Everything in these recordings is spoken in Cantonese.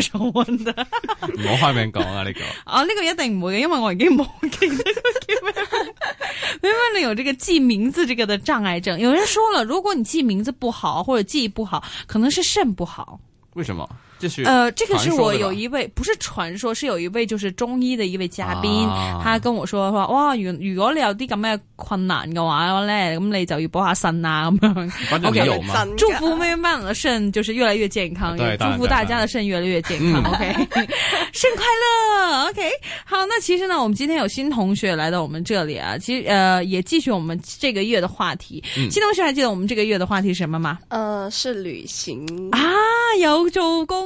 做溫的，唔好開名講啊呢、 哦這個。啊呢個一定唔會嘅，因為我已經忘記咗叫咩。因為你有這個記名字這個的障礙症。有人說了，如果你記名字不好或者記憶不好，可能是腎不好。為什麼？呃，這個是我有一位不是傳說，是有一位就是中醫的一位嘉賓，啊、他跟我說說話，哇，如如果你有啲咁嘅困難嘅話咧，咁你就要補下腎啊，咁樣。O K，腎，祝福妹妹們的腎就是越來越健康，啊、對也祝福大家的腎越來越健康。O K，腎快樂。O、okay、K，好，那其實呢，我們今天有新同學來到我們這裏啊，其實呃，也繼續我們這個月的話題、嗯。新同學還記得我們這個月的話題是什麼嗎？呃，是旅行啊，有做公。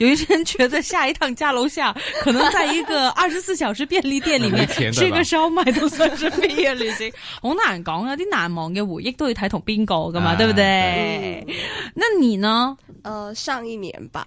有一些人覺得下一趟家樓下可能在一個二十四小時便利店裏面 吃個燒麥都算是畢業旅行 的。 我講、啊、有啲難忘嘅回憶都要睇同邊個噶嘛，啊，對不對，嗯？那你呢？呃，上一年吧。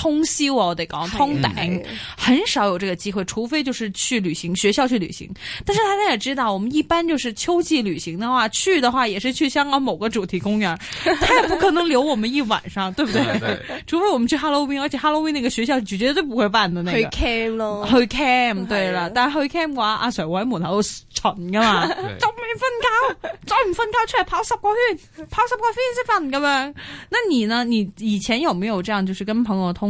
通宵、哦、我哋講通頂，嗯，很少有這個機會，除非就是去旅行，學校去旅行。但是大家也知道， 我們一般就是秋季旅行的話，去的話也是去香港某個主題公園， 他也不可能留我們一晚上， 對不對？、啊、對。除非我們去 Halloween 而且 Halloween 那個學校絕對都不會辦的那個。去 camp 咯，去 camp 對啦， 但去 camp 的話，阿 Sir 會喺門口巡噶嘛，就未瞓覺，再唔瞓覺，出嚟跑十個圈，跑十個圈先瞓㗎嘛。咁樣。那你呢？你以前有沒有這樣，就是跟朋友通？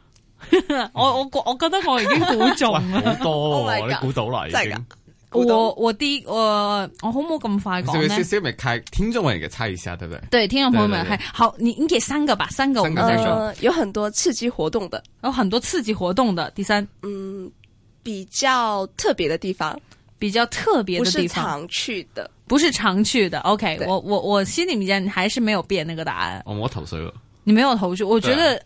我我覺我覺得我已經估中 好多、哦，oh my God, 你估到啦，真噶，我我第一，我我可冇咁快講咧？小明聽眾朋友猜一下，對不對？對，聽眾朋友們嗨，好，你你給三個吧，三個我們再說，三、呃、個，有有很多刺激活動的，有、哦、很多刺激活動的。第三，嗯，比較特別的地方，比較特別的，地方。不是常去的，不是常去的。OK，我我我心裏面還是沒有變那個答案。嗯、我冇頭緒，你沒有頭緒，我覺得、啊。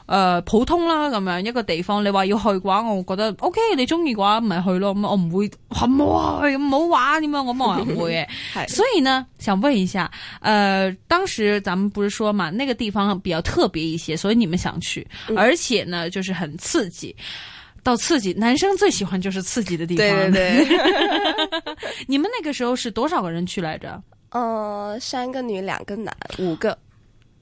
呃，普通啦咁樣一個地方，你話要去嘅話，我覺得 OK，你中意嘅話，咪去咯。咁我唔會冚冇啊，唔好玩咁樣，我冇會。所以呢， 想問一下，呃，當時咱們不是說嘛，那個地方比較特別一些，所以你們想去，而且呢，就是很刺激，嗯、到刺激，男生最喜歡就是刺激的地方。 對對對 你們那個時候是多少個人去來着？呃，三個女，兩個男，五個。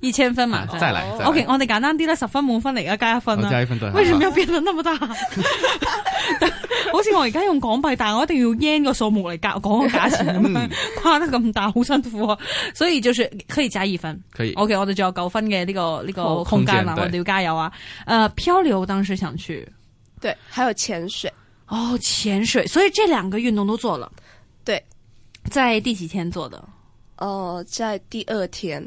一千分嘛，嗯、再嚟 o、okay, 我我哋簡單啲啦，十分滿分嚟而家加一分啦。哦、加一分，為什麼要變得那麼大？ 好似我而家用港幣，但係我一定要 yen 個數目嚟講個價錢咁樣，誇、嗯、得咁大，好辛苦啊。所以就是可以加二分，可以。OK，我哋仲有九分嘅呢、這個呢、這個空間，我哋要加油啊，誒、呃，漂流當時想去，對，還有潛水。哦，潛水，所以這兩個運動都做了。對，在第幾天做的？哦、呃，在第二天。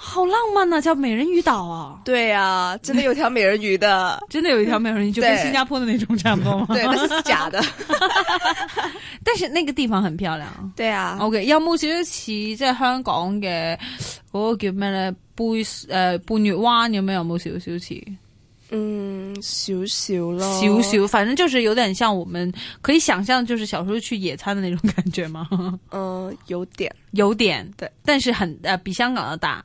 好浪漫吶、啊，叫美人魚島啊！對呀、啊，真的有條美人魚的， 真的有一條美人魚，就跟新加坡的那種差不多嗎？ 對，那是，是假的。 但是那個地方很漂亮。對啊，OK，有冇少少似即係香港嘅我叫咩咧？半、哦、呃，半月灣，你有冇有冇少少似？嗯，小小咯。小小，反正就是有點像我們可以想象，就是小時候去野餐的那種感覺嗎？呃、 嗯，有點，有點，對，但是很呃比香港要大。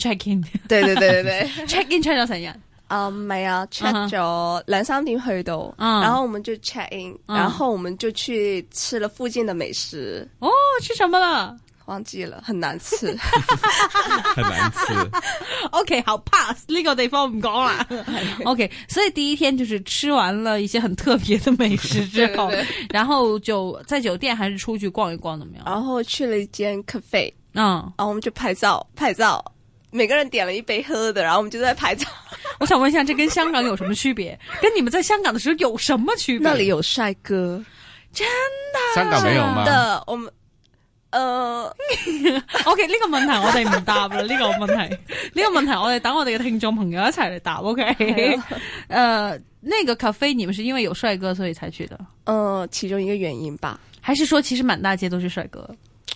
check in， 對對對對對，check in、um, check 咗成人啊，沒啊，check 咗兩三點去到，然後我們就 check in，然後我們就去吃了附近的美食。哦，吃什麼了？忘記了， 很難吃，很難吃。OK，好、okay, so, pass，呢個地方唔講啦。OK，所以第一天就是吃完了一些很特別的美食之後，然後就在酒店還是出去逛一逛怎麼樣？然後去了一間 cafe，嗯，然後我們就拍照拍照。每個人點了一杯喝的，然後我們就在拍照。我想問一下，這跟香港有什麼區別？ 跟你們在香港的時候有什麼區別？ 那裡有帥哥，真的，香港沒有嗎真的。我們呃 ，OK，這個問題我哋唔答啦。呢 個問題，呢、呢個問題我哋等我哋嘅聽眾朋友一齊嚟答。OK， 嗯、呃，那個咖啡你們是因為有帥哥所以才去的？呃，其中一個原因吧，還是說其實滿大街都是帥哥？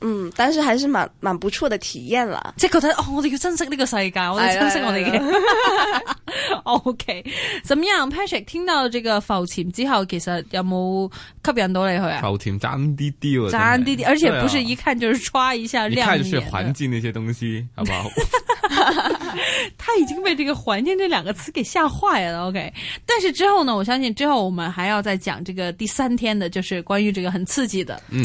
嗯，但是還是蠻蠻不錯的體驗啦，即係覺得哦，我哋要珍惜呢個世界，我哋珍惜我哋嘅。哎、 o、okay. K，怎麼樣 Patrick 聽到這個浮潛之後，其實有冇吸引到你去啊？浮潛爭啲啲、啊，爭啲啲，而且不是一看就是唰一下亮、啊，一看就是環境那些東西，好不好？ 他已經被這個環境這兩個詞給嚇壞了。O、okay. K，但是之後呢，我相信之後我們還要再講這個第三天的，就是關於這個很刺激的，嗯。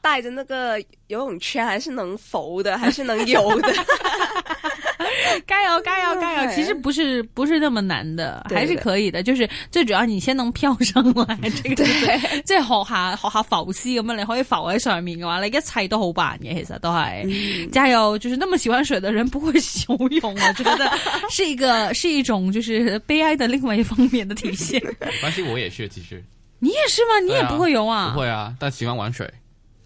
帶着那個游泳圈還是能浮的，還是能游的。加油，加油，加油！其實不是不是那麼難的，還是可以的，的。就是最主要你先能漂上來，對這個對。對。再學下學下浮絲，咁樣你可以浮喺上面嘅話，你一切都好辦嘅，其實都係。加、嗯、油！就是那麼喜歡水的人不會游泳、啊，我 覺得是一個 是一種就是悲哀的另外一方面的體現。反正我也是，其實。你也是嗎？你也、啊？你也不會游啊？不會啊，但喜歡玩水。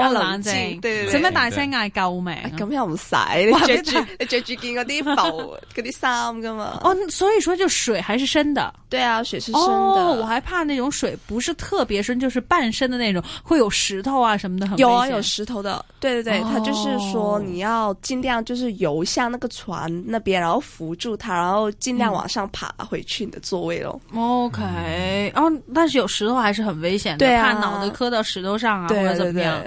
要冷靜、哦這個對對對，做咩大聲嗌救命？咁又唔使，你著住你著住件嗰啲浮嗰啲衫㗎嘛。 哦，所以說就水還是深的。對啊，水是深的。哦，我還怕那種水不是特別深，就是半深的那種，會有石頭啊什麼的，很危險。有啊，有石頭的。對對對、哦，他就是說你要盡量就是游向那個船那邊，然後扶住它，然後盡量往上爬回去你的座位咯。嗯、o、okay, K，、嗯嗯、哦，但是有石頭還是很危險的對、啊，怕腦子磕到石頭上啊對對對，或者怎麼樣。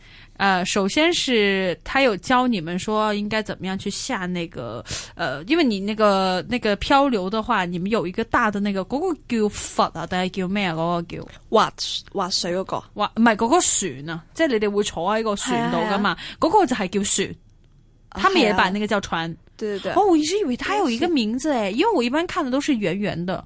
呃，首先是他有教你們說應該怎麼樣去下那個，呃，因為你那個那個漂流的話，你們有一個大的那個，嗰、那個叫筏啊，大概叫咩啊？嗰、那個叫划划水，那個，划，唔係，那個那個那個船啊，即係你哋會坐喺個船度噶嘛？嗰、啊那個就係叫船，啊。他們也把那個叫船。對對對。哦，我一直以為它有一個名字誒，因為我一般看的都是圓圓的。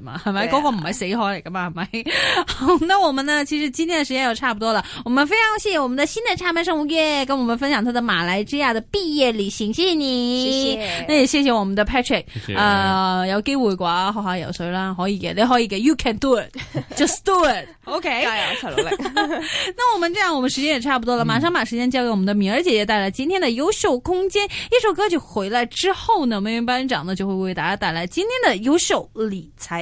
係咪？嗰個唔係死海嚟噶嘛，係咪、啊？好，啊、 那我們呢？其實今天的時間又差不多了。我們非常謝謝我們的新的插班生吳月，跟我們分享他的馬來西亞的畢業旅行。謝謝你。那也謝謝我們的 Patrick 謝謝。呃，有機會嘅話，學下游水啦，可以嘅，你可以嘅，You can do it，just do it okay。OK，加油，那我們這樣，我們時間也差不多了，馬上把時間交給我們的米兒姐姐，帶來今天的優秀空間、嗯。一首歌曲回來之後呢，我們班長呢就會為大家帶來今天的優秀理財。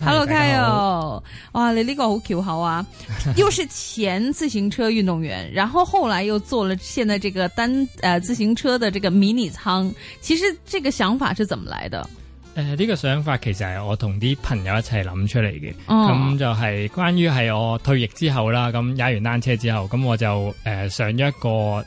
Hello，Kyle， 哇，你呢個好巧好啊！又是前自行車運動員， 然後後來又做了現在這個單誒、呃、自行車的這個迷你倉，其實這個想法是怎麼來的？誒、呃，呢、這個想法其實係我同啲朋友一齊諗出嚟嘅，咁、嗯、就係關於係我退役之後啦，咁踩完單車之後，咁我就誒、呃、上咗一個。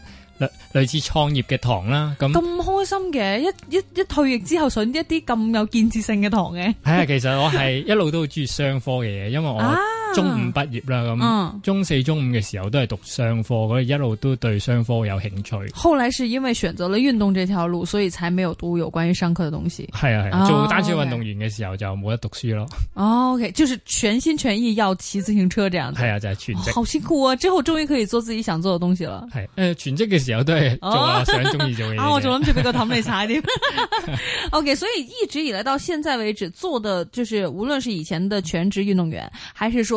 類似創業嘅堂啦，咁咁開心嘅，一一一退役之後上一啲咁有建設性嘅堂嘅，係 啊、哎，其實我係一路都好中意商科嘅嘢，因為我、啊。中五畢業啦，咁中四、中五嘅時候都係讀商科，所以一路都對商科有興趣。後來是因為選擇了運動這條路，所以才沒有讀有關於商科的東西。係啊，係、啊哦、做單車運動員嘅時候就冇得讀書咯。哦、o、okay, K，就是全心全意要騎自行車這樣子。係啊，就係、是、全職、哦。好辛苦啊！之後終於可以做自己想做嘅東西了。係誒、呃，全職嘅時候都係做、啊哦、想中意做嘅嘢。 啊，我就諗住俾個氹你踩啲。 o、okay, K，所以一直以來到現在為止，做的就是無論是以前的全職運動員，還是說。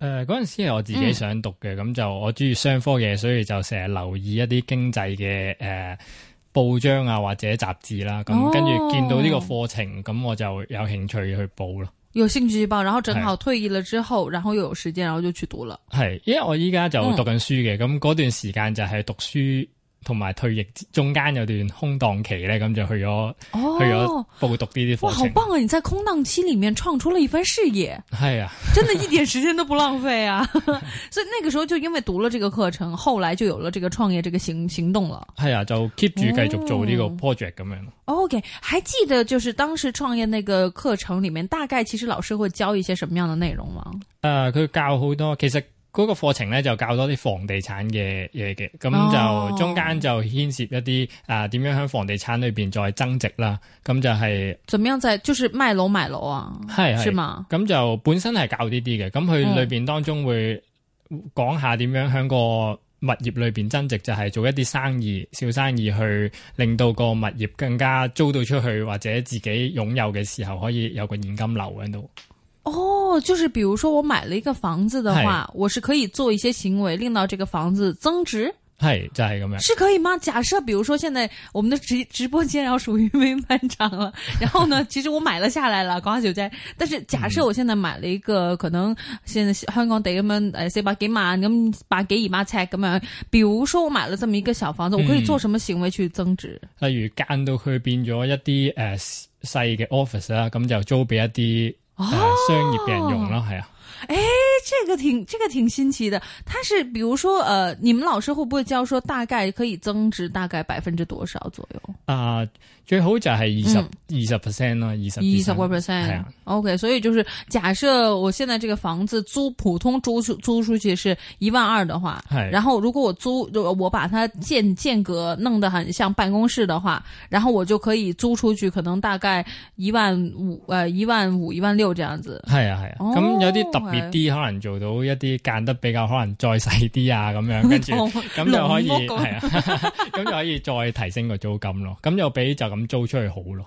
誒、呃，嗰陣時係我自己想讀嘅，咁、嗯、就我中意商科嘅，所以就成日留意一啲經濟嘅、誒報章啊或者雜誌啦，咁、哦、跟住見到呢個課程，咁我就有興趣去報咯。有興趣報，然後正好退役了之後，然後又有時間，然後就去讀啦。係，因為我依家就讀緊書嘅，咁、嗯、嗰段時間就係讀書。同埋退役中間有段空檔期咧，咁就去咗，哦、去咗報讀呢啲課程。哇，好棒啊！你在空檔期裏面創出了一番事業。係啊，真的一點時間都不浪費啊！ 所以那個時候就因為讀了這個課程，後來就有了這個創業這個行行動了。係啊，就 keep 住繼續做呢個 project 咁樣。OK，還記得就是當時創業那個課程裏面，大概其實老師會教一些什麼樣的內容嗎？誒、呃，佢教好多，其實。嗰個課程咧就教多啲房地產嘅嘢嘅，咁就中間就牽涉一啲啊點樣喺房地產裏面再增值啦，咁就係。怎樣就係就是賣樓買樓啊，係係嘛？咁就本身係教呢啲嘅，咁佢裏面當中會講下點樣喺個物業裏面增值，嗯、就係做一啲生意、小生意去令到個物業更加租到出去，或者自己擁有嘅時候可以有個現金流喺度。哦，就是，比如說我買了一個房子的話，我是可以做一些行為令到這個房子增值，係就係、是、咁樣，是可以嗎？假設，比如說現在我們的直直播間然後屬於微班長了，然後呢， 其實我買了下來了廣華酒店，但是假設我現在買了一個，嗯、可能現在香港得咁樣把給百幾萬咁八幾億碼拆咁樣，比如說我買了這麼一個小房子，嗯、我可以做什麼行為去增值？例如間到佢變咗一啲誒、呃、細嘅 office 啦，咁就租俾一啲。Oh. 啊！商業嘅人用咯，係啊。這個挺這個挺新奇的，它是比如說呃，你們老師會不會教說大概可以增值，大概百分之多少左右啊、呃？最好就係二十二十 percent 咯，二十二十 percent。係啊，OK。所以就是假設我現在這個房子租普通租租，租出去是一萬二的話，然後如果我租我把它間間隔弄得很像辦公室的話，然後我就可以租出去可能大概一萬五呃一萬五一萬六這樣子。係啊，係啊，咁、啊哦、有啲特別啲可能。能做到一啲間得比較可能再細啲啊咁樣 跟住咁就可以係 啊，咁就可以再提升個租金咯，咁 就比就咁租出去好咯。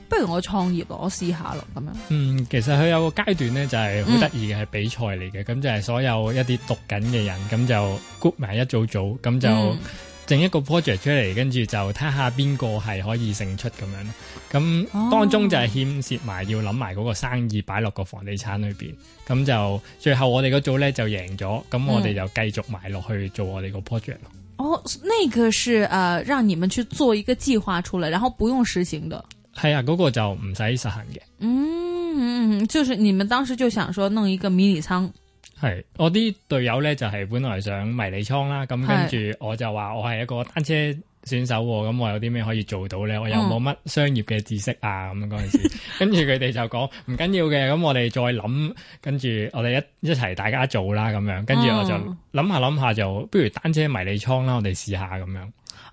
不如我創業咯，我試下咯，咁樣。嗯，其實佢有個階段咧，嗯、是的就係好得意嘅，係比賽嚟嘅。咁就係所有一啲讀緊嘅人，咁就 group 埋一組組，咁就整一個 project 出嚟，嗯，跟住就睇下邊個係可以勝出咁樣。咁當中就係牽涉埋要諗埋嗰個生意擺落個房地產裏邊。咁就最後我哋嗰組咧就贏咗，咁我哋就繼續埋落去做我哋個 project 咯。哦、呢，那個是誒、呃，讓你們去做一個計劃出嚟，然後不用實行的。係啊，嗰、那個就唔使實行嘅、嗯。嗯，就是你們當時就想說弄一個迷你倉。係我啲隊友呢，就係、是、本來想迷你倉啦，咁跟住我就話我係一個單車選手、喔，咁我有啲咩可以做到呢？我又冇乜商業嘅知識啊，咁嗰陣時。跟住佢哋就講唔緊要嘅，咁 我哋再諗，跟住我哋一一齊大家做啦，咁樣。跟住我就諗下諗下，就不如單車迷你倉啦，我哋試下咁樣。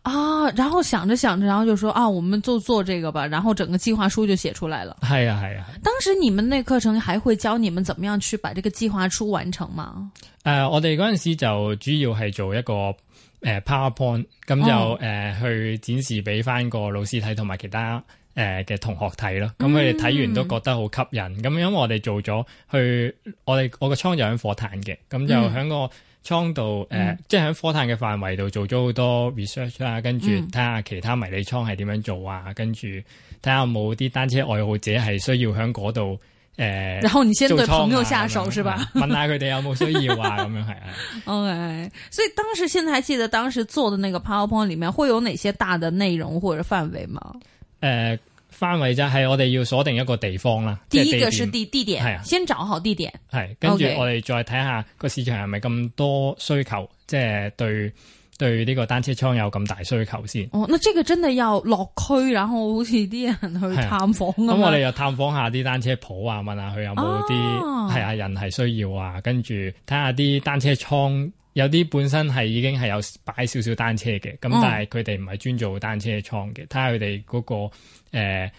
啊、哦，然後想着想着，然後就說啊，我們就做這個吧，然後整個計劃書就寫出來了。係啊係啊，當時你們那課程還會教你們怎麼樣去把這個計劃書完成嗎？誒、呃，我哋嗰陣時就主要係做一個誒、呃、PowerPoint，咁就誒、哦呃、去展示俾翻個老師睇同埋其他誒嘅、呃、同學睇咯。咁佢哋睇完都覺得好吸引。咁、嗯嗯、因為我哋做咗去，我哋我個倉就喺火炭嘅，咁就喺個。嗯倉度誒、呃嗯，即係喺火炭嘅範圍度做咗好多 research 啊，跟住睇下其他迷你倉係點樣做啊，嗯、跟住睇下有冇啲單車愛好者係需要喺嗰度誒，然後你先對朋友下手，做倉啊，係咪？問下佢哋有冇需要啊，咁 樣係啊。OK，所以當時，現在還記得當時做的那個 PowerPoint 裡面會有哪些大的內容或者範圍嗎？誒、呃。範圍就係我哋要鎖定一個地方啦，第一個是地地點，係啊，先找好地點，係，跟住我哋再睇下個市場係咪咁多需求，即、okay. 係對對呢個單車倉有咁大需求先。哦，那即個真係要落區然後好似啲人去探訪咁，咁、啊、我哋又探訪下啲單車鋪啊，問下佢有冇啲係啊人係需要啊，跟住睇下啲單車倉。有啲本身係已經係有擺少少單車嘅，咁但係佢哋唔係專做單車倉嘅，睇下佢哋嗰個誒、呃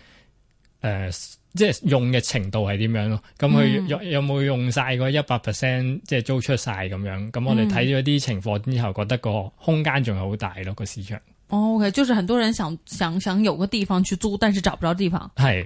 呃、即係用嘅程度係點樣咯。咁佢有有冇用晒個一百 percent，即係租出晒咁、嗯、樣？咁我哋睇咗啲情況之後，覺得個空間仲係好大咯，個市場。哦、o、okay. K，就是很多人想想想有個地方去租，但是找不到地方。係。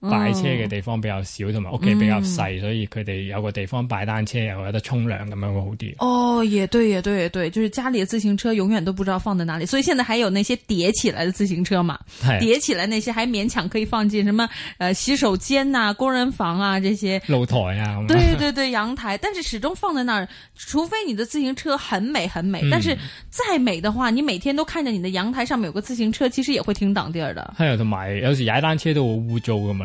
擺車嘅地方比較少，同埋屋企比較細、嗯，所以佢哋有個地方擺單車又有得沖涼咁樣會好啲。哦，也對，也對，對，對，對，就是家裏嘅自行車永遠都不知道放在哪裏，所以現在還有那些疊起來嘅自行車嘛，疊起來那些還勉強可以放進什麼，呃洗手間啊、工人房啊這些露台啊。對對對，陽台， 但是始終放在那兒，除非你的自行車很美很美，嗯、但是再美的話，你每天都看着你的陽台上面有個自行車，其實也會挺擋地兒的。係啊，同埋有，有時踩單車都好污糟噶嘛。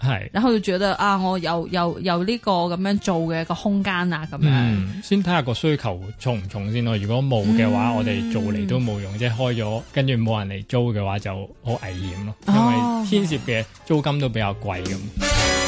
係，然後就覺得啊，我有有有呢個咁樣做嘅一個空間啊，咁樣。嗯、先睇下個需求重唔重先咯。如果冇嘅話，嗯、我哋做嚟都冇用，即係開咗，跟住冇人嚟租嘅話就好危險咯。因為牽涉嘅租金都比較貴咁。哦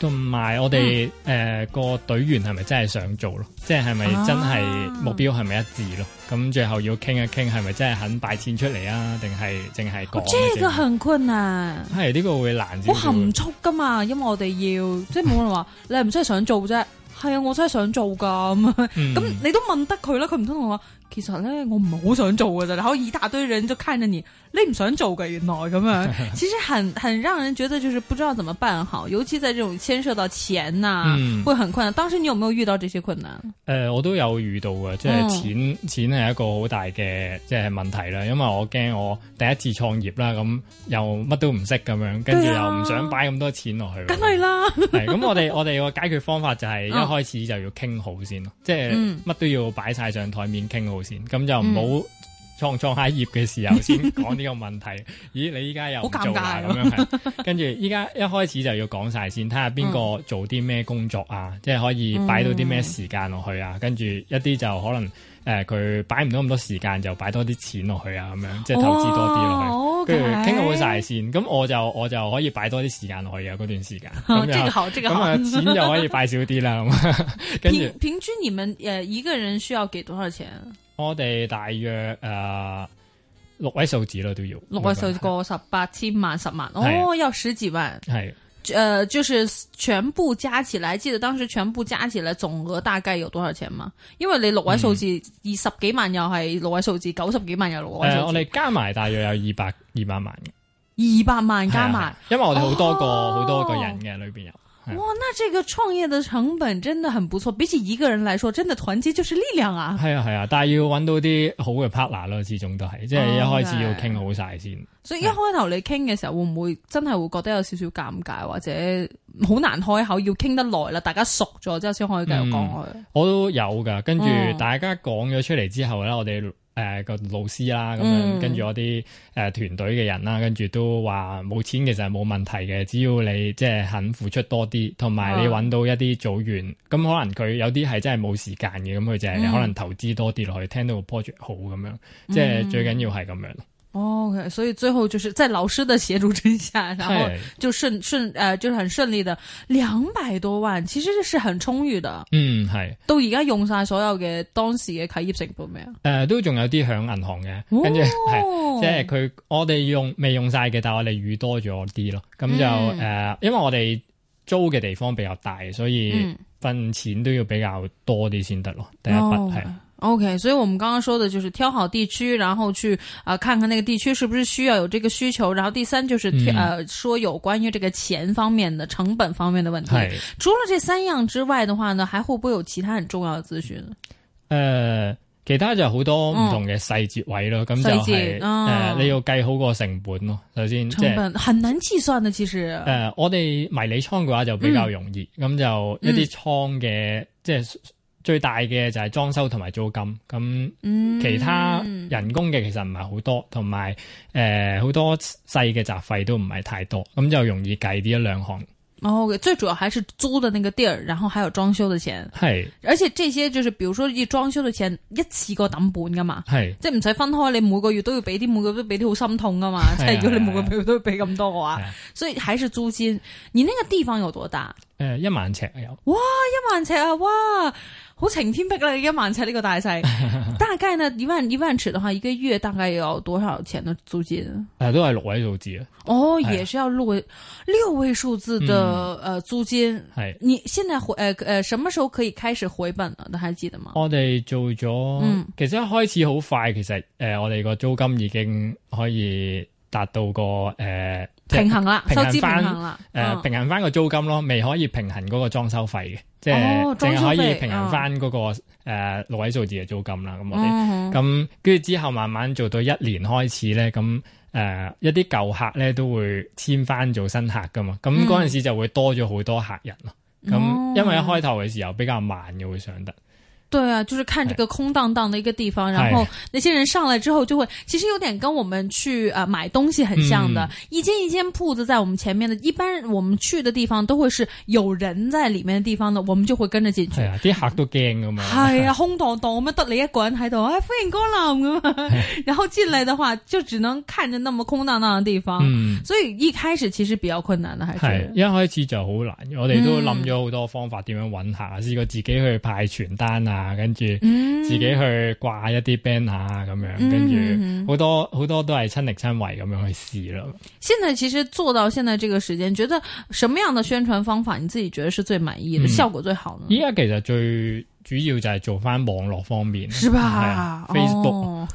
同埋我哋誒、嗯呃嗰個隊員係咪真係想做咯？即係係咪真係目標係咪一致咯？咁、啊、最後要傾一傾係咪真係肯擺錢出嚟啊？定係淨係講？我知個向坤啊，係呢、呢個會難點點。我含蓄噶嘛，因為我哋要 即係冇人話你係唔真係想做啫。係啊，我真係想做噶咁，咁你都問得佢啦，佢唔通同我？其實咧我唔係好想做噶啫，然後一大堆人就看着你，你唔想做嘅，原來咁樣，其實很很讓人覺得就是不知道怎麼辦好，尤其在這種牽涉到錢呐、啊嗯，會很困難。當時你有沒有遇到這些困難？誒、呃，我都有遇到嘅，即、就、係、是、錢、哦、錢係一個好大嘅即係問題啦，因為我驚我第一次創業、啊、啦，咁又乜都唔識咁樣，跟住又唔想擺咁多錢落去，梗係啦。咁，我哋我哋個解決方法就係一開始就要傾好先，即係乜都要擺晒上台面傾好。咁就唔好創創下業嘅時候先講呢個問題。 咦，你依家又好尷尬咁樣係。 跟住依家一開始就要講晒先，睇下邊個做啲咩工作啊， 即係可以擺到啲咩時間落去啊。 跟住一啲就可能。誒、欸，佢擺唔到咁多時間，就擺多啲錢落去啊，咁樣即係投資多啲落去，跟住傾好晒先。咁、oh, okay. 我就我就可以擺多啲時間落去啊，嗰段時間即又咁啊，就 oh, 這個，就錢就可以擺少啲啦。咁跟住平均你們誒一個人需要幾多少錢？我哋大約誒、呃、六位數字咯，都要六位數字過十八千萬十萬哦，要十幾萬係。誒、呃，就是全部加起來，記得當時全部加起來總額大概有多少錢嘛？因為你六位數字二十幾萬又係六位數字，九、嗯、十幾萬又六位數字，嗯、我哋加埋大約有二百二百萬嘅，二百萬加埋、啊啊，因為我哋好多個好、哦、多個人嘅裏邊有。哇，那這個創業的成本真的很不錯，比起一個人來說，真的團結就是力量啊！係啊係啊，但係要搵到啲好嘅 partner 咯，始終都係，oh, 即係一開始要傾好晒先。所以一開頭你傾嘅時候，會唔會真係會覺得有少少尷尬，或者好難開口？要傾得耐啦，大家熟咗之後先可以繼續講去、嗯。我都有噶，跟住大家講咗出嚟之後咧、嗯，我哋。誒、呃、個老師啦，咁樣跟住嗰啲誒團隊嘅人啦，跟住都話冇錢其實係冇問題嘅，只要你即係肯付出多啲，同埋你揾到一啲組員，咁、啊、可能佢有啲係真係冇時間嘅，咁佢就係、是嗯、可能投資多啲落去，聽到個 project 好咁樣，即係、嗯、最緊要係咁樣。O、oh, okay. 所以最後就是在老師的協助之下，然後就順順，誒、呃，就是很順利的兩百多萬，其實係是很充裕啊。嗯，係。到而家用晒所有嘅當時嘅企業成本未啊？誒，都仲有啲響銀行嘅、哦，跟住係，即係佢我哋用未用晒嘅，但係我哋預多咗啲咯。咁、嗯、就誒、呃，因為我哋租嘅地方比較大，所以份錢都要比較多啲先得咯。第一筆係。哦 OK，所以我們剛剛說的就是挑好地區，然後去啊、呃、看看那個地區是不是需要有這個需求。然後第三就是、嗯、呃說有關於這個錢方面的成本方面的問題。除了這三樣之外的話呢，還會不會有其他很重要的資訊？呃，其他就好多唔同嘅細節位咯，咁、嗯、細節、是、誒、嗯呃、你要計好個成本咯，首先。成本很難計算的，其實。誒、呃，我哋迷你倉嘅話就比較容易，咁、嗯、就一啲倉嘅即係。最大嘅就係裝修同埋租金咁，其他人工嘅其實唔係好多，同埋誒好多細嘅雜費都唔係太多，咁就容易計啲一兩行。哦，okay, 最主要還是租嘅那個地兒，然後還有裝修嘅錢。係，而且這些就是，比如說要裝修嘅錢一次過抌本噶嘛，係，即係唔使分開，你每個月都要俾啲，每個月都俾啲，好心痛噶嘛。即係、啊、如果你每個月都要俾咁多嘅、啊、話、啊，所以還是租金。你那個地方有多大？誒、呃，一萬尺啊有。哇，一萬尺啊哇！好晴天霹靂，一萬尺呢個大細，大概呢？一萬一萬尺嘅話，一個月大概有多少錢嘅租金？誒、 啊，都係六位數字啊！哦啊，也是要六位六位數字嘅誒、嗯呃、租金。係，你現在回誒誒、呃，什麼時候可以開始回本呢都還記得嗎？我哋做咗，其實一開始好快、嗯，其實誒、呃，我哋個租金已經可以達到個誒。呃平衡啦，收支平衡啦、呃，平衡翻個租金咯，哦、未可以平衡嗰個裝修費嘅，即係淨係可以平衡翻嗰個六位數字嘅租金啦。咁我哋咁跟住之後慢慢做到一年開始咧，咁誒、呃、一啲舊客咧都會簽翻做新客噶嘛，咁嗰陣時就會多咗好多客人咯。咁、嗯、因為一開頭嘅時候比較慢嘅會上得。哦對啊，就是看這個空蕩蕩的一個地方，然後那些人上來之後就會，其實有點跟我們去呃買東西很像的，嗯，一間一間鋪子在我們前面的，一般我們去的地方都會是有人在裏面的地方的，我們就會跟着進去。係啊，啲，嗯、客都驚㗎嘛。係、哎、啊， 空蕩蕩，我們得你一個人喺度哎，歡迎光臨啊嘛。 然後進來的話就只能看着那麼空蕩蕩的地方，嗯，所以一開始其實比較困難啦，係。係，一開始就好難，嗯、我哋都諗咗好多方法人，點樣搵下，試過自己去派傳單啊。啊，跟住自己去掛一啲 banner 咁樣，嗯、跟住好多好、嗯嗯、多，多都係親力親為咁樣去試咯。現在其實做到現在這個時間，覺得什麼樣的宣傳方法你自己覺得是最滿意的，嗯，效果最好呢？依家其實最。主要就係做返網絡方面，是吧，oh？Facebook，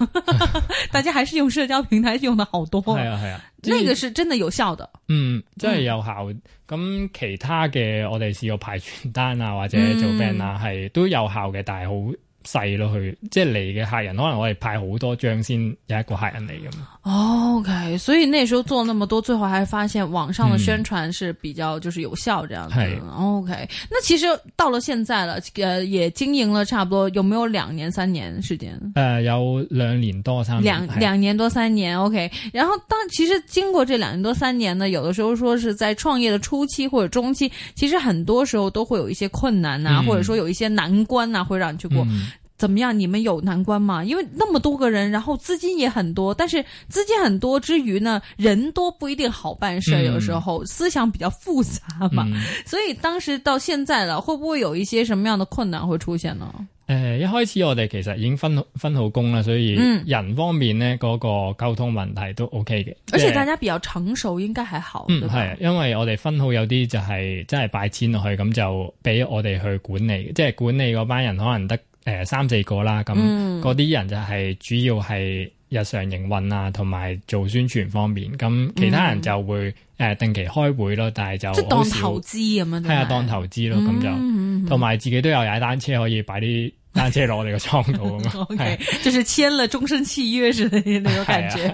大家還是用社交平台用得好多，係 啊係啊，那個是真的有效的，嗯，真係有效。咁、嗯、其他嘅我哋試過派傳單啊，或者做 banner 啊係、嗯、都有效嘅，但係好細落去，即係嚟嘅客人，可能我哋派好多張先有一個客人嚟咁。OK，所以那時候做那麼多，最後還發現網上的宣傳是比較就是有效這樣子。嗯、OK，那其實到了現在了，也經營了差不多，有沒有兩年三年時間？呃，有兩年多三兩兩年多三年。OK，然後當其實經過這兩年多三年呢，有的時候說是在創業的初期或者中期，其實很多時候都會有一些困難啊，嗯、或者說有一些難關啊，會讓你去過。嗯怎麼樣？你們有難關嗎？因為那麼多個人，然後資金也很多，但是資金很多之餘呢，人多不一定好辦事，有時候、嗯、思想比較複雜嘛。嗯、所以當時到現在了，會不會有一些什麼樣的困難會出現呢？誒、呃，一開始我哋其實已經分分好工啦，所以人方面咧嗰、嗯那個溝通問題都 OK 嘅。而且大家比較成熟，應該還好。嗯，係，因為我哋分好有啲就係真係擺錢落去，咁就俾我哋去管理，即、就、係、是、管理嗰班人可能得。誒，三四個啦，咁嗰啲人就係主要係日常營運啊，同埋做宣傳方面。咁其他人就會誒、嗯呃、定期開會咯，但係就即當投資咁樣，係啊，當投資咯，咁、嗯、就同埋、嗯嗯、自己都有踩單車，可以擺啲單車落嚟個倉度咁。OK， 啊、就是簽了終身契約似嘅那種感覺。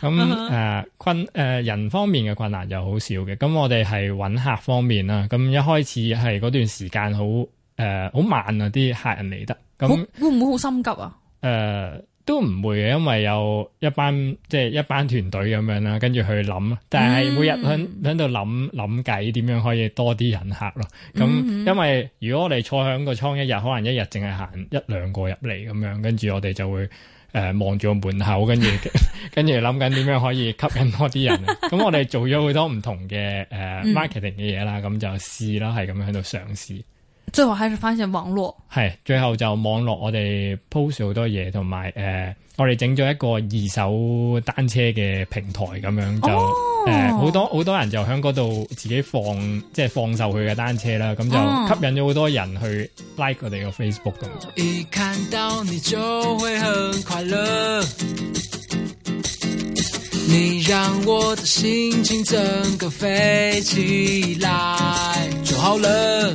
咁 誒是、啊 啊、困誒、呃、人方面嘅困難就好少嘅。咁我哋係搵客方面啊，咁一開始係嗰段時間好。誒、呃，好慢啊！啲客人嚟得咁，會唔會好心急啊？誒、呃，都唔會嘅，因為有一班即係、就是、一班團隊咁樣啦，跟住去諗。但係每日響響度諗諗計，點、嗯、樣可以多啲人客咯？咁、嗯、因為如果我哋坐響個倉一日，可能一日淨係行一兩個入嚟咁樣，跟住我哋就會誒望住個門口，跟住跟住諗緊點樣可以吸引多啲人。咁 我哋做咗好多唔同嘅誒 marketing 嘅嘢啦，咁、呃嗯、就試啦，係咁樣喺度嘗試。最後還是發現網絡係，最後就網絡我哋 post 好多嘢，同埋誒，我哋整咗一個二手單車嘅平台咁樣就誒，好多、oh. 呃、好多人就喺嗰度自己放即係放售佢嘅單車啦，咁就吸引咗好多人去 like 我哋個 Facebook。Oh. 一看到你，你就會很快樂，你讓我的心情整個飛起來就好了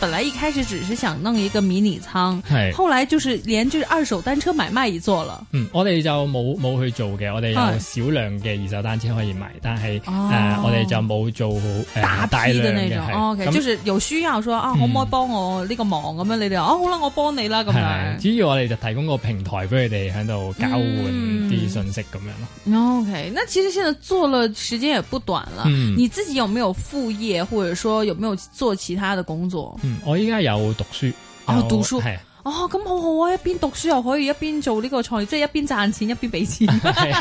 本來一開始只是想弄一個迷你倉，係，後來就是連就是二手單車買賣一做了。嗯，我哋就冇冇去做嘅，我哋有少量嘅二手單車可以買是但係、哦呃、我哋就冇做好大量嘅。呃、的那種 o、okay, k、嗯、就是有需要說啊，可唔可以幫我呢個忙咁、啊、樣？你哋話哦好啦，我幫你啦咁樣。至主要我哋就提供個平台俾佢哋喺度交換啲、嗯、信息咁樣咯、嗯。OK，那其實現在做了時間也不短啦、嗯，你自己有沒有副業，或者說有沒有做其他的工作？嗯、我依家有讀書，啊讀書係啊，咁、哦、好好啊，一邊讀書又可以一邊做呢個創業，即、就、係、是、一邊賺錢一邊俾錢。錢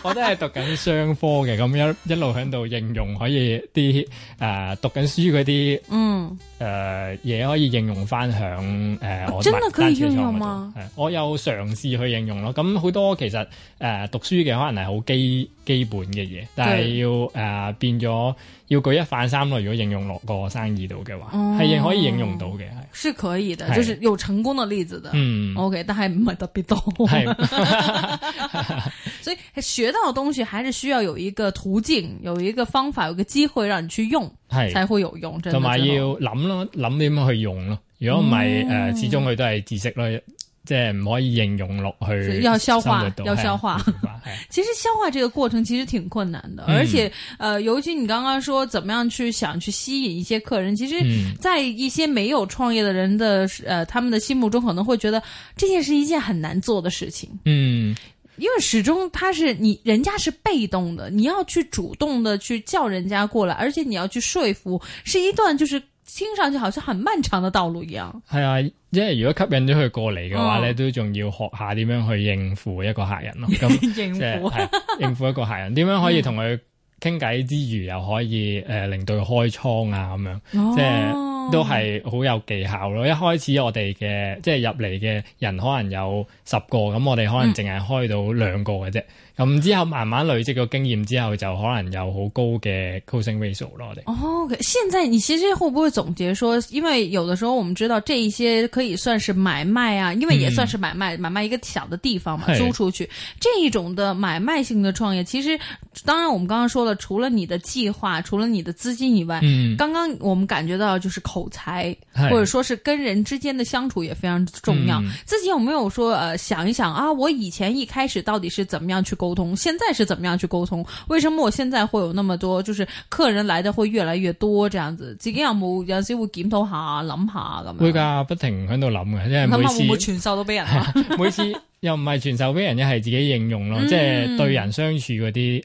我都係讀緊商科嘅，咁樣一路喺度形容可以啲誒、呃、讀緊書嗰啲嗯。誒、呃、嘢可以應用翻喺誒我真係可以應用嘛？我有嘗試去應用咯。咁好多其實誒、呃、讀書嘅可能係好基基本嘅嘢，但係要誒、呃、變咗要舉一反三咯。如果應用落個生意度嘅話，係、哦、可以應用到嘅係。是可以的，就是有成功的例子嘅。嗯，OK，但係唔係特別多。係。 所以學到的東西還是需要有一個途徑，有一個方法，有個機會讓你去用，才會有用。真的。同埋要諗咯，諗點樣去用咯。如果唔係，誒、嗯、呃，始終佢都係知識咯，即係唔可以應用落去要。要消化，要消化。其實消化這個過程其實挺困難的，嗯、而且呃，尤其你剛剛說怎麼樣去想去吸引一些客人，其實，在一些沒有創業的人的呃、嗯、他們的心目中，可能會覺得這件是一件很難做的事情。嗯。因為始終他是你，人家是被動的，你要去主動的去叫人家過來，而且你要去說服，是一段就是聽上去好像很漫長的道路一樣。係啊，即係如果吸引咗佢過嚟嘅話咧，嗯、都仲要學下點樣去應付一個客人咯。咁、嗯、應付，係、就是、 應付一個客人，點樣可以同佢、嗯。傾偈之餘又可以誒，令到佢開倉啊，咁樣，即係都係好有技巧咯。Oh. 一開始我哋嘅，即係入嚟嘅人可能有十個，咁我哋可能淨係開到兩個嘅啫。咁之後慢慢累積個經驗之後，就可能有好高嘅 closing ratio 咯。我哋哦，OK，現在你其實會不會總結說，因為有的時候我們知道這一些可以算是買賣啊，因為也算是買賣，嗯、買賣一個小的地方嘛，租出去這一種的買賣性的創業，其實當然我們剛剛說了，除了你的計劃，除了你的資金以外，嗯、剛剛我們感覺到就是口才是，或者說是跟人之間的相處也非常重要。嗯、自己有沒有說呃，想一想啊，我以前一開始到底是怎麼樣去？溝通現在是怎麼樣去溝通？為什麼我現在會有那麼多，就是客人來的會越來越多，這樣子？自己有冇有，有時會檢討下諗下咁樣？會噶，不停響度諗嘅，因為每次。會傳授到俾人、啊？ 每次又唔係傳授俾人，一係自己應用咯，即、嗯、係、就是、對人相處嗰啲誒，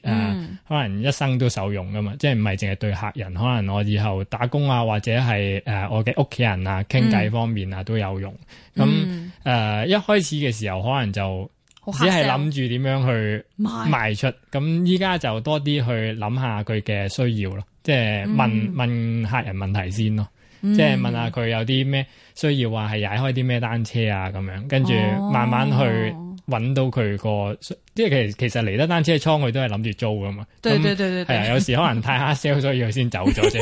可能一生都受用噶嘛。即係唔係淨係對客人，可能我以後打工啊，或者係誒、呃、我嘅屋企人啊，傾偈方面啊都有用。咁、嗯、誒、呃，一開始嘅時候可能就。只係諗住點樣去賣出，咁依家就多啲去諗下佢嘅需要咯，即係問，嗯，問客人問題先咯，即係問下佢有啲咩需要，話係踩開啲咩單車啊咁樣，跟住慢慢去揾到佢個。哦即係其實其實嚟得單車倉佢都係諗住租噶嘛。對對係啊，有時可能太 hard sell 所以佢先走咗啫。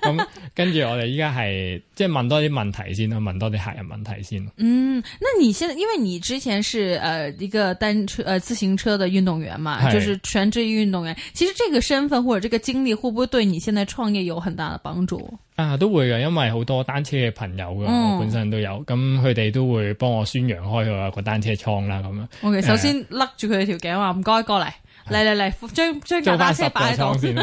咁 跟住我哋依家係即係問多啲問題先咯，問多啲客人問題先。嗯，那你現在因為你之前是誒一個單車誒、呃、自行車的運動員嘛，就是全職運動員。其實這個身份或者這個經歷，會不會對你現在創業有很大的幫助？啊，都會嘅，因為好多單車嘅朋友嘅，我本身都有，咁佢哋都會幫我宣揚開佢個單車倉啦，咁樣。OK、呃、首先甩住佢條頸話唔該，過嚟。來來來，將將架車擺喺度先，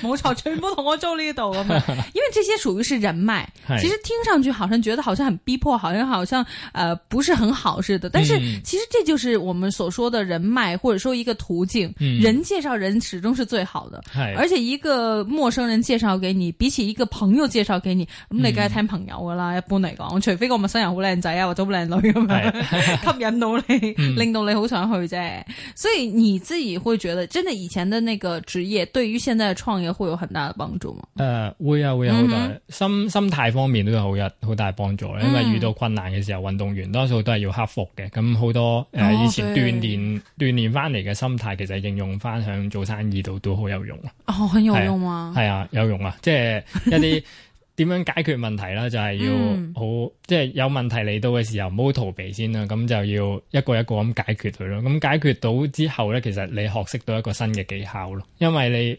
冇錯， 全部同我租呢度咁樣， 因為這些屬於是人脈， 其實聽上去好像覺得好像很逼迫，好像好像，呃，不是很好似的。但是其實這就是我們所說的人脈，或者說一個途徑， 人介紹人始終是最好的， 而且一個陌生人介紹給你，比起一個朋友介紹給你，咁你梗係聽朋友噶啦， 一般嚟講，除非個陌生人好靚仔啊，或者好靚女咁樣，哈哈 吸引到你， 令到你好想去啫。所以你。你自己會覺得，真的以前嘅那個職業對於現在的創業會有很大嘅幫助嗎？誒、呃，會啊，會有好多。嗯、心心態方面都有好有好大幫助，因為遇到困難嘅時候、嗯，運動員多數都係要克服嘅，咁好多誒、呃、以前鍛煉、哦、鍛煉翻嚟嘅心態，其實應用翻喺做生意度都好有用啊！哦，很有用啊！係啊，有用啊，即係一啲。 點樣解決問題啦？就係、是、要好，嗯、即係有問題嚟到嘅時候，唔好逃避先啦。咁就要一個一個咁解決佢咯。咁解決到之後咧，其實你學識到一個新嘅技巧咯，因為你，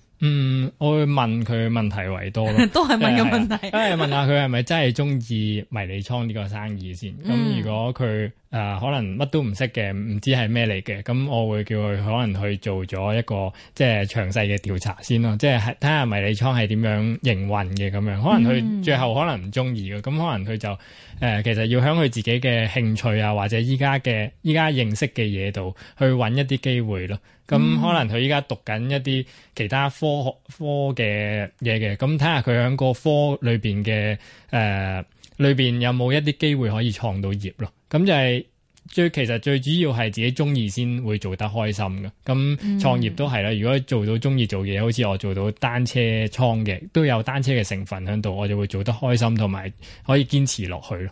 嗯，我會問佢問題為多咯， 都係問個問題。誒、呃，啊、 問下佢係咪真係中意迷你倉呢個生意先？咁 如果佢誒、呃、可能乜都唔識嘅，唔知係咩嚟嘅，咁我會叫佢可能去做咗一個即係詳細嘅調查先咯。即係睇下迷你倉係點樣營運嘅咁樣，可能佢最後可能唔中意嘅，咁 可能佢就誒、呃、其實要喺佢自己嘅興趣啊，或者依家嘅依家認識嘅嘢度去揾一啲機會咯。咁可能佢依家讀緊一啲其他科學科嘅嘢嘅，咁睇下佢喺個科裏面嘅誒裏面，有冇一啲機會可以創到業咯。咁就係最其實最主要係自己中意先會做得開心嘅。咁創業都係啦，如果做到中意做嘢，好似我做到單車倉嘅都有單車嘅成分喺度，我就會做得開心同埋可以堅持落去咯。